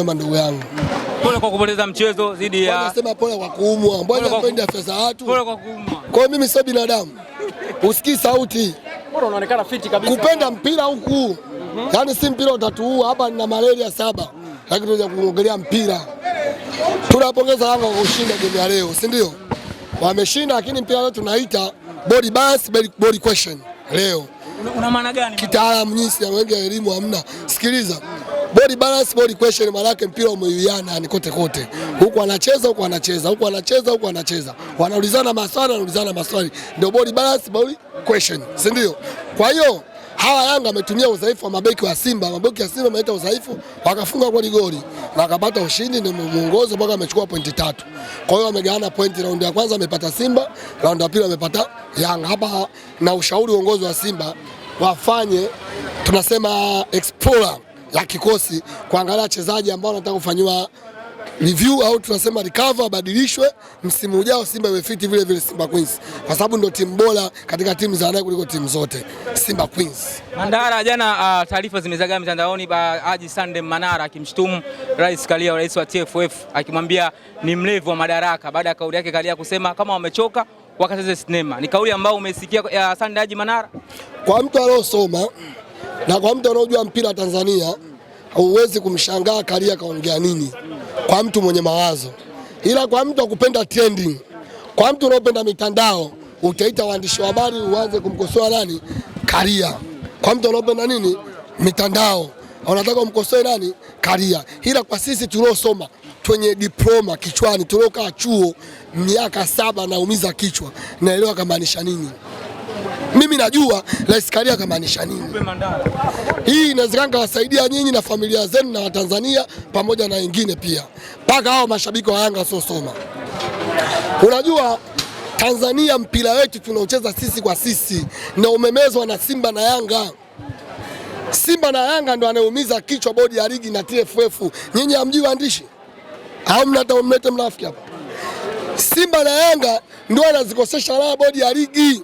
kwema ndugu yangu. Pole kwa kupoteza mchezo dhidi ya. Anasema pole kwa kuumwa. Mbona anapenda pesa watu? Pole kwa kuumwa. Kwa mimi sio binadamu. Usikii sauti. Bora unaonekana fiti kabisa. Kupenda mpira huku. Mhm. Yaani si mpira utatuua hapa nina malaria saba. Lakini tunaja kuongelea mpira. Tunapongeza Yanga kwa kushinda game ya leo, si ndio? Wameshinda lakini mpira leo tunaita body bias, body question. Leo. Una maana gani? Kitaalamu nyinyi wengi elimu hamna. Sikiliza body balance, body question, maana mpira umeuiana ni kote kote, huku anacheza huku anacheza huku anacheza huku anacheza, wanaulizana maswali wanaulizana maswali, ndio body balance, body question, si ndio? Kwa hiyo hawa Yanga ametumia udhaifu wa mabeki wa Simba, mabeki wa Simba ameleta udhaifu, wakafunga kwa goli na akapata ushindi, ndio muongozo mpaka amechukua pointi tatu. Kwa hiyo wamegawana pointi, raundi ya kwanza amepata Simba, raundi ya pili amepata Yanga. Hapa na ushauri uongozi wa Simba wafanye tunasema explore la kikosi, kuangalia wachezaji ambao wanataka kufanyiwa review au tunasema recover, abadilishwe msimu ujao. Simba iwe fiti vile vile Simba Queens, kwa sababu ndio timu bora katika timu za ndani kuliko timu zote. Simba Queens Mandara jana, uh, taarifa zimezagaa mitandaoni, ba Haji Sande Manara akimshtumu Rais Kalia, rais wa TFF, akimwambia ni mlevu wa madaraka, baada ya kauli yake Kalia kusema kama wamechoka wakacheze sinema. Ni kauli ambayo umesikia, ya uh, Sande Haji Manara, kwa mtu aliyosoma na kwa mtu anaojua mpira Tanzania huwezi kumshangaa Karia kaongea nini kwa mtu mwenye mawazo, ila kwa mtu akupenda trending, kwa mtu unaopenda mitandao utaita waandishi wa habari uanze kumkosoa nani? Karia. Kwa mtu anaopenda nini? Mitandao unataka umkosoe nani? Karia. Ila kwa sisi tuliosoma twenye diploma kichwani, tuliokaa chuo miaka saba, naumiza kichwa, naelewa kamaanisha nini mimi najua Rais Karia kamaanisha nini. Hii inawezekana kawasaidia nyinyi na familia zenu na Watanzania pamoja na wengine pia, mpaka hao mashabiki wa Yanga wasiosoma. Unajua Tanzania mpira wetu tunaocheza sisi kwa sisi na umemezwa na Simba na Yanga. Simba na Yanga ndo anayeumiza kichwa bodi ya ligi na TFF. Nyinyi hamjui waandishi au mnata mnafiki hapa. Simba na Yanga ndo anazikosesha raha bodi ya ligi.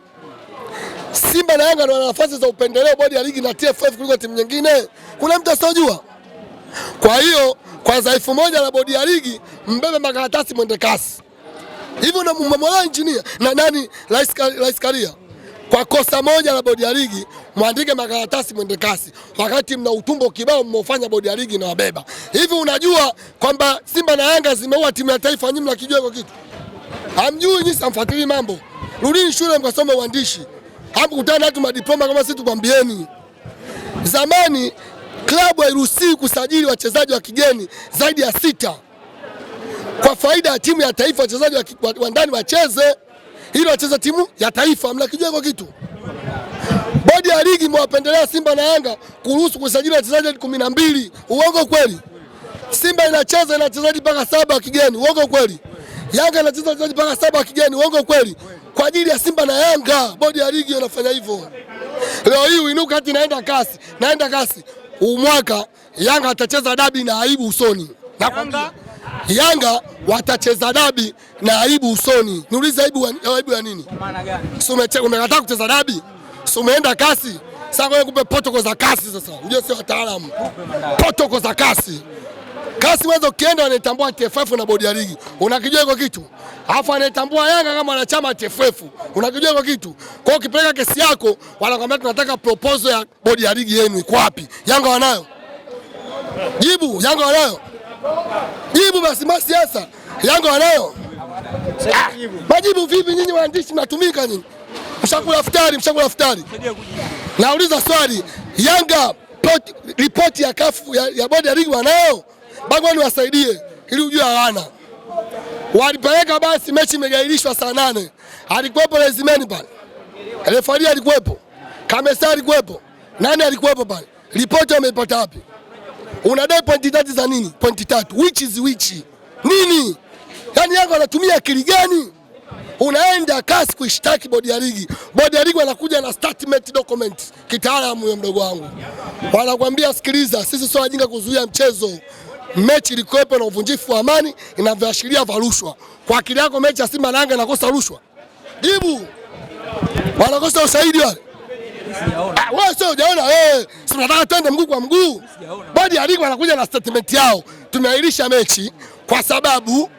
Simba na Yanga ndio wana nafasi za upendeleo bodi ya ligi na TFF kuliko timu nyingine? Kuna mtu asiojua? Kwa hiyo kwa dhaifu moja la bodi ya ligi mbebe makaratasi mwende kasi hivyo, na mmemwona injinia na nani Rais Karia, kwa kosa moja la bodi ya ligi mwandike makaratasi mwende kasi, wakati mna utumbo kibao mmeofanya bodi ya ligi na wabeba hivi. Unajua kwamba Simba na Yanga zimeua timu ya taifa, nyinyi mnakijua hiko kitu? Hamjui nyinyi, samfuatilii mambo. Rudini shule mkasome uandishi hamkutana hatu madiploma kama sisi tukwambieni. Zamani klabu hairuhusiwi kusajili wachezaji wa kigeni zaidi ya sita kwa faida ya timu ya taifa, wachezaji wa ndani wacheze ili wacheze timu ya taifa. Mnakijua hiko kitu? Bodi ya ligi imewapendelea Simba na Yanga kuruhusu kusajili wachezaji kumi na mbili. Uongo kweli? Simba inacheza ina wachezaji mpaka saba wa kigeni. Uongo kweli? Yanga inacheza wachezaji mpaka saba wa kigeni. Uongo kweli? kwa ajili ya Simba na Yanga. Bodi ya ligi wanafanya hivyo. Leo hii uinuka ati naenda kasi, naenda kasi. Umwaka Yanga atacheza dabi na aibu usoni. Nakwambia Yanga watacheza dabi na aibu usoni. Niulize aibu, eh, aibu ya nini? Kwa maana Si umekataa kucheza dabi? Si umeenda kasi? Sasa wewe kupe protokoli za kasi sasa. Unajua sio wataalamu. Protokoli za kasi. Kasi wewe ukienda wanaitambua TFF na bodi ya ligi. Unakijua hiyo kitu? Alafu anaitambua Yanga kama wanachama TFF. Unakijua kwa kitu. Kwa hiyo ukipeleka kesi yako wanakwambia tunataka proposal ya bodi ya ligi yenu iko wapi? Yanga wanayo. Jibu, Yanga wanayo. Jibu basi basi sasa. Yanga wanayo. Ah, majibu vipi nyinyi waandishi mnatumika nyinyi? Mshakula futari, mshakula futari. Nauliza swali, Yanga ripoti ya kafu ya, ya bodi ya ligi wanayo? Bagwani wasaidie ili ujue hawana walipeleka basi, mechi imegairishwa saa nane. Alikuwepo lazimeni pale, refari alikuwepo, Kamesa alikuwepo, nani alikuwepo pale? Ripoti wameipata wapi? Unadai pointi tatu za nini? Pointi tatu which is which nini? Yani yako anatumia akili gani? Unaenda kasi kuishtaki bodi ya ligi, bodi ya ligi wanakuja na statement document kitaalamu. huyo mdogo wangu wanakwambia, sikiliza, sisi sio wajinga kuzuia mchezo mechi ilikuwepo na uvunjifu wa amani inavyoashiria vya rushwa. Kwa akili yako mechi ya Simba na Yanga inakosa rushwa? Jibu. Wanakosa ushahidi wale? Ah, Wewe sio hujaona wewe. Eh. Si tunataka twende mguu kwa mguu. Bodi ya ligi wanakuja na statement yao. Tumeahirisha mechi kwa sababu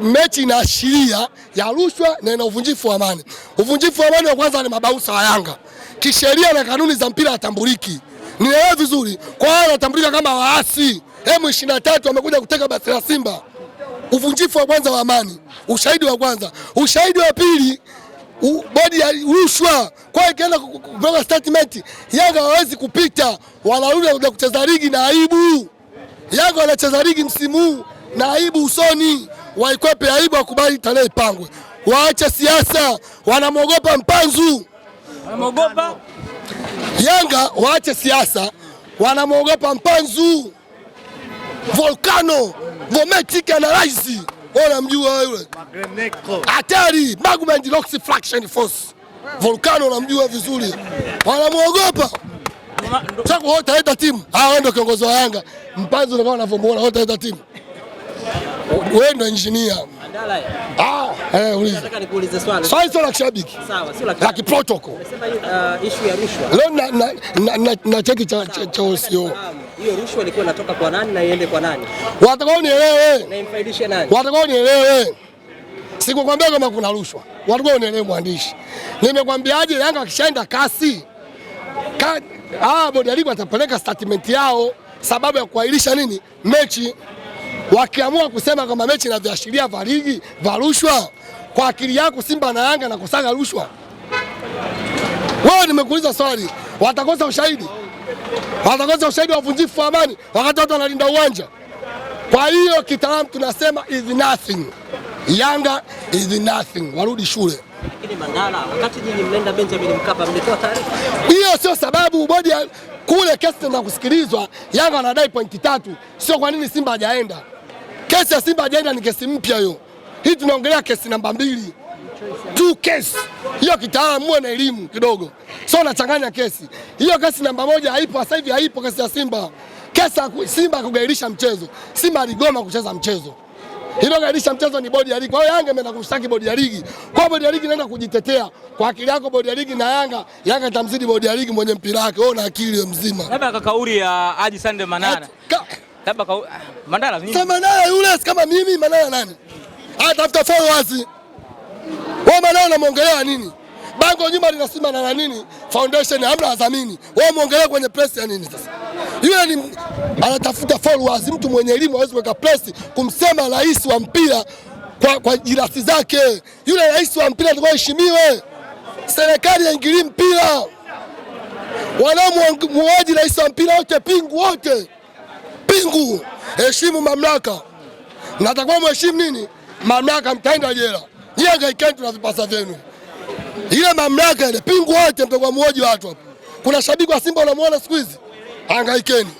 mechi inaashiria ya rushwa na ina uvunjifu wa amani. Uvunjifu wa amani wa kwanza ni mabausa wa Yanga. Kisheria na kanuni za mpira hatambuliki. Nielewe vizuri. Kwa hiyo anatambulika kama waasi. M23 wamekuja kuteka basi la Simba. Uvunjifu wa kwanza wa amani, ushahidi wa kwanza. Ushahidi wa pili, bodi ya rushwa. Kwa ikienda kutoka statement, Yanga hawezi kupita, wanarudi kuja kucheza ligi na aibu. Yanga wanacheza ligi msimu na aibu usoni, waikwepe aibu, wakubali tarehe ipangwe, waache siasa, wanamwogopa Mpanzu, wanamwogopa Yanga, waache siasa, wanamwogopa Mpanzu volcano vometic analyze. Namjua yule hatari Magma rocks Fraction Force volcano, namjua vizuri, wanamwogopa taleta timu ndio kiongozi wa Yanga mpanzo ndio anavyomuona wote, taleta timu wewe ndio engineer. Ah, eh, Nataka nikuulize swali. sio la kishabiki. Sawa, sio la kishabiki. La kiprotocol. Unasema issue ya rushwa. Leo na na cheki cha cha OCO hiyo rushwa ilikuwa inatoka kwa nani na iende kwa nani? Watakao nielewe. Na imfaidishe nani? Watakao nielewe. Sikukwambia kama kuna rushwa. Watakao unielewe mwandishi. Nimekwambiaje Yanga wakishaenda kasi. Ka, ah, bodi ya ligi watapeleka statement yao sababu ya kuahirisha nini? Mechi. Wakiamua kusema kama mechi na viashiria vya ligi vya rushwa, kwa akili yako Simba na Yanga na kusaga rushwa. Wewe nimekuuliza swali, watakosa ushahidi? watakosa ushahidi wa uvunjifu wa amani wakati watu wanalinda uwanja. Kwa hiyo kitaalamu tunasema is nothing. Yanga is nothing, warudi shule. Hiyo sio sababu bodi kule kesi na kusikilizwa. Yanga anadai pointi tatu, sio kwa nini Simba hajaenda. Kesi ya Simba hajaenda ni kesi mpya hiyo, hii tunaongelea kesi namba mbili tu kesi. Hiyo kitaamua na elimu kidogo, sio unachanganya kesi. Hiyo kesi namba moja haipo sasa hivi, haipo kesi ya Simba, Kesa Simba kugairisha mchezo. Simba aligoma kucheza mchezo hilo gairisha mchezo ni bodi ya ligi. Kwa hiyo Yanga imeenda kumshtaki bodi ya ligi, kwa bodi ya ligi inaenda kujitetea. Kwa akili yako bodi ya ligi na Yanga, Yanga itamzidi bodi ya ligi mwenye mpira wake. Wewe una akili ya mzima. Labda kaka kauli ya Haji Sande Manara, labda kauli Mandala, Mandala yule kama mimi Manara nani? Ah, Atafuta followers wewe maana unamwongelea nini? Bango nyuma linasema na nini? Foundation hamna azamini. Wewe muongelee kwenye press ya nini sasa? Yule ni anatafuta followers, mtu mwenye elimu aweze kuweka press kumsema rais wa mpira kwa, kwa jirasi zake. Yule rais wa mpira ndio heshimiwe. Serikali yaingilie mpira. Wanaomuaji rais wa mpira wote pingu wote. Pingu. Heshimu mamlaka. Na atakuwa mheshimu nini? Mamlaka mtaenda jela nyie ndio tuna vipasa vyenu, ile mamlaka ile pingu wote mtakuwa mmoja watu hapo. Kuna shabiki wa Simba unamwona siku hizi, hangaikeni.